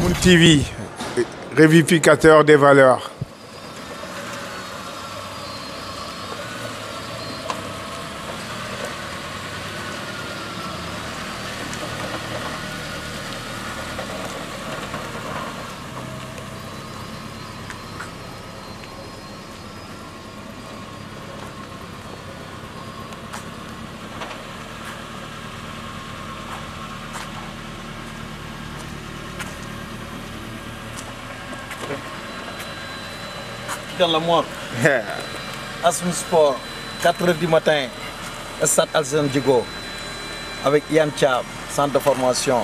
Moon TV, révificateur des valeurs. dans la mort. Sport 4 h du matin stade Alzheimer Djigo avec Yann Tchab, centre de formation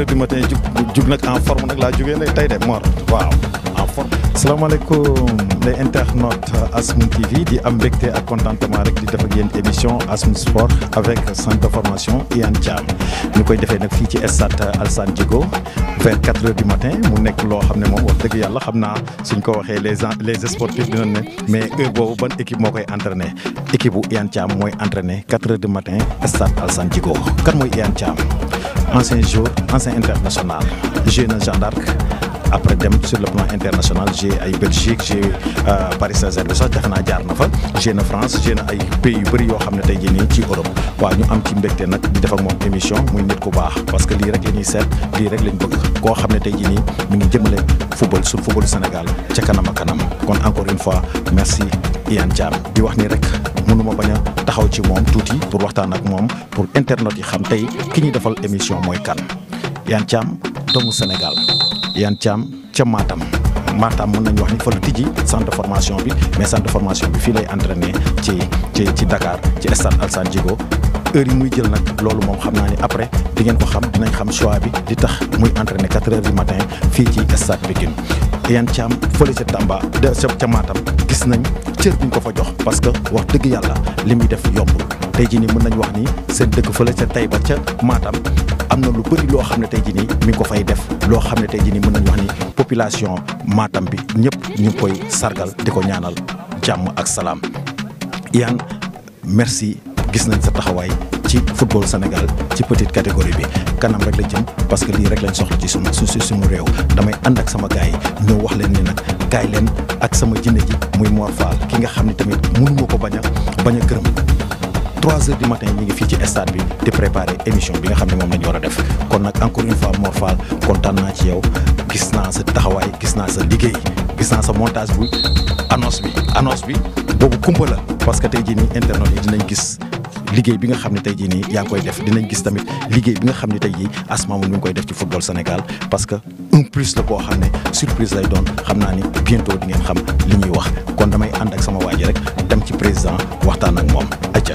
heures du matin jug jug en forme nag laa jugee léegi tey de Mor waaw. salaamaaleykum les internautes Asmoon TV di am mbégte contentement rek di émission Sport avec centre de formation Ian Thiam ñu koy defee nag fii ci vers 4 heures du matin mu nekk loo wax les les sportifs mais équipe entraîné 4 du matin stade quand Diego kan mooy Ian ancien joueur ancien international jeune gendarme après sur le plan international j'ai ay Belgique j'ai euh, Paris Saint-Germain sax j'ai France j'ai na ay pays bari ci Europe wa ñu am ci mbecté nak def ak émission nit baax parce que li rek que ñuy rek lañ bëgg ngi football su football Sénégal ci kanam kanam kon encore une fois merci Ian en di wax ni rek mënuma taxaw ci pour waxtaan ak mom pour internet yi xam ki defal émission moy kan Sénégal yan Thiam ca Matam Matam mën nañu wax ni fa la tijji centre de formation bi mais centre de formation bi fii lay entraîner ci ci ci Dakar ci stade Alassane Djigo heure yi muy jël nag loolu moom xam naa ni après di ngeen ko xam dinañ xam choix bi di tax muy entraîner 4 heures du matin fii ci stade Pikine Yane Thiam fële ca Tamba de ca Matam gis nañ cër bi ko fa jox parce que wax dëgg yàlla li muy def yombul. tay jini mën nañ wax ni seen dëkk fële ca tayba ca matam amna lu bari lo xamne tay jini mi ko fay def lo xamne tay jini mën nañ wax ni population matam bi ñepp ñu koy sargal diko ñaanal jamm ak salam yan merci gis nañ sa taxaway ci football senegal ci petite catégorie bi kanam rek la jëm parce que li rek lañ soxla ci sunu su suñu rew damay and ak sama gaay ñu wax leen ni nak gaay leen ak sama jinne ji muy Mor Fall ki nga xamni tamit mënu moko baña baña gërëm 3 heures du matin ñi ngi fii ci stade bi di préparer émission bi nga xam ne moom la ñu war a def kon nag encore une fois Mor Fall kontaan naa ci yow gis naa sa taxawaay gis naa sa liggéey gis naa sa montage bu annonce bi annonce bi boobu kumpa la parce que tey jii nii internet yi dinañ gis liggéey bi nga xam ne tey jii nii yaa ngi koy def dinañ gis tamit liggéey bi nga xam ne tey jii Asma moom mi ngi koy def ci football Sénégal parce que un plus la boo xam ne surprise lay doon xam naa ni bientôt di ngeen xam li ñuy wax kon damay ànd ak sama waa ji rek dem ci président waxtaan ak moom acca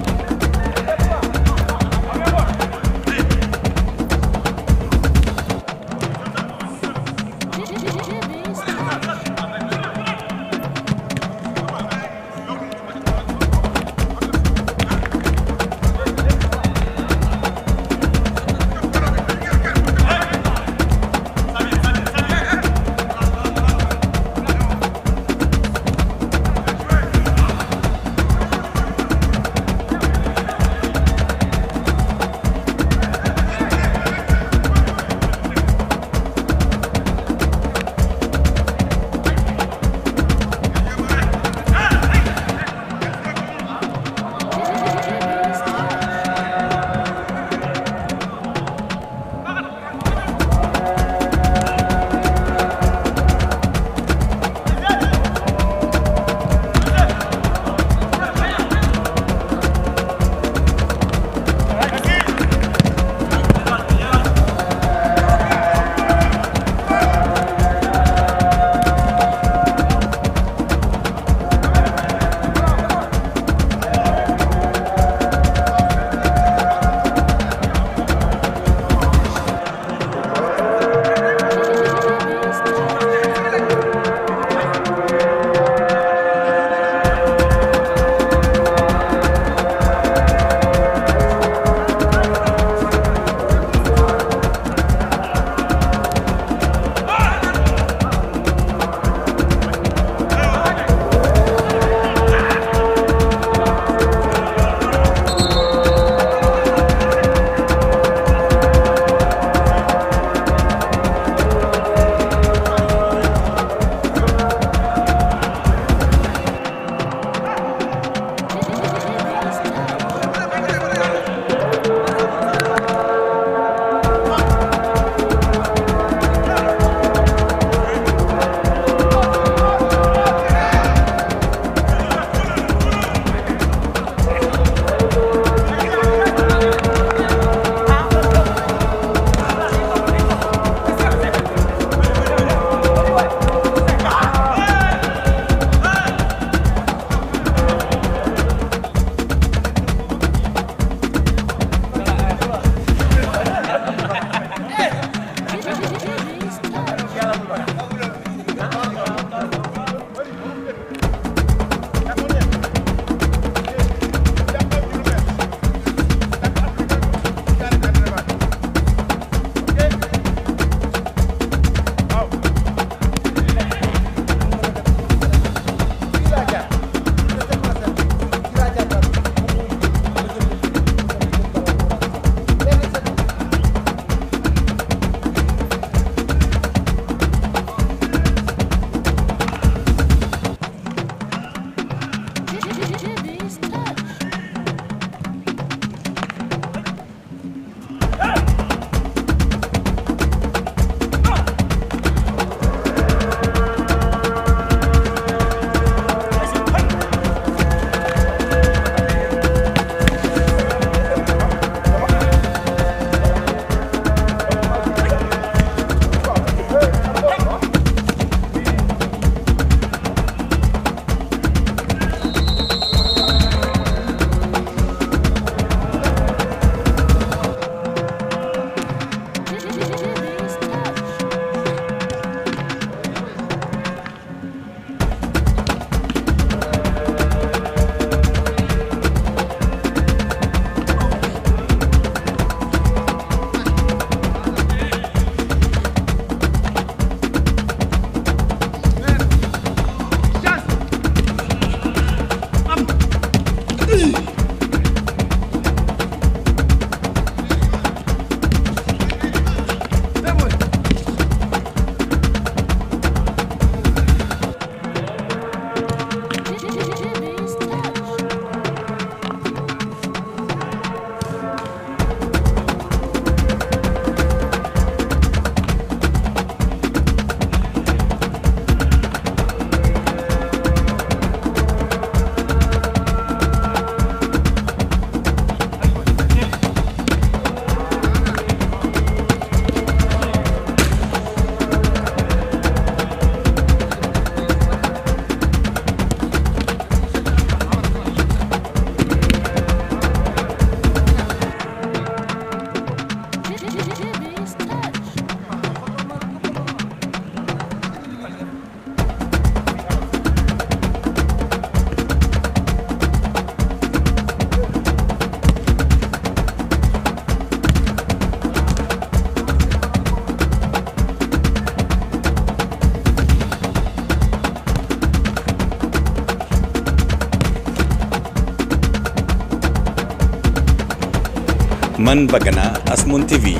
man bëgg naa Asmoon TV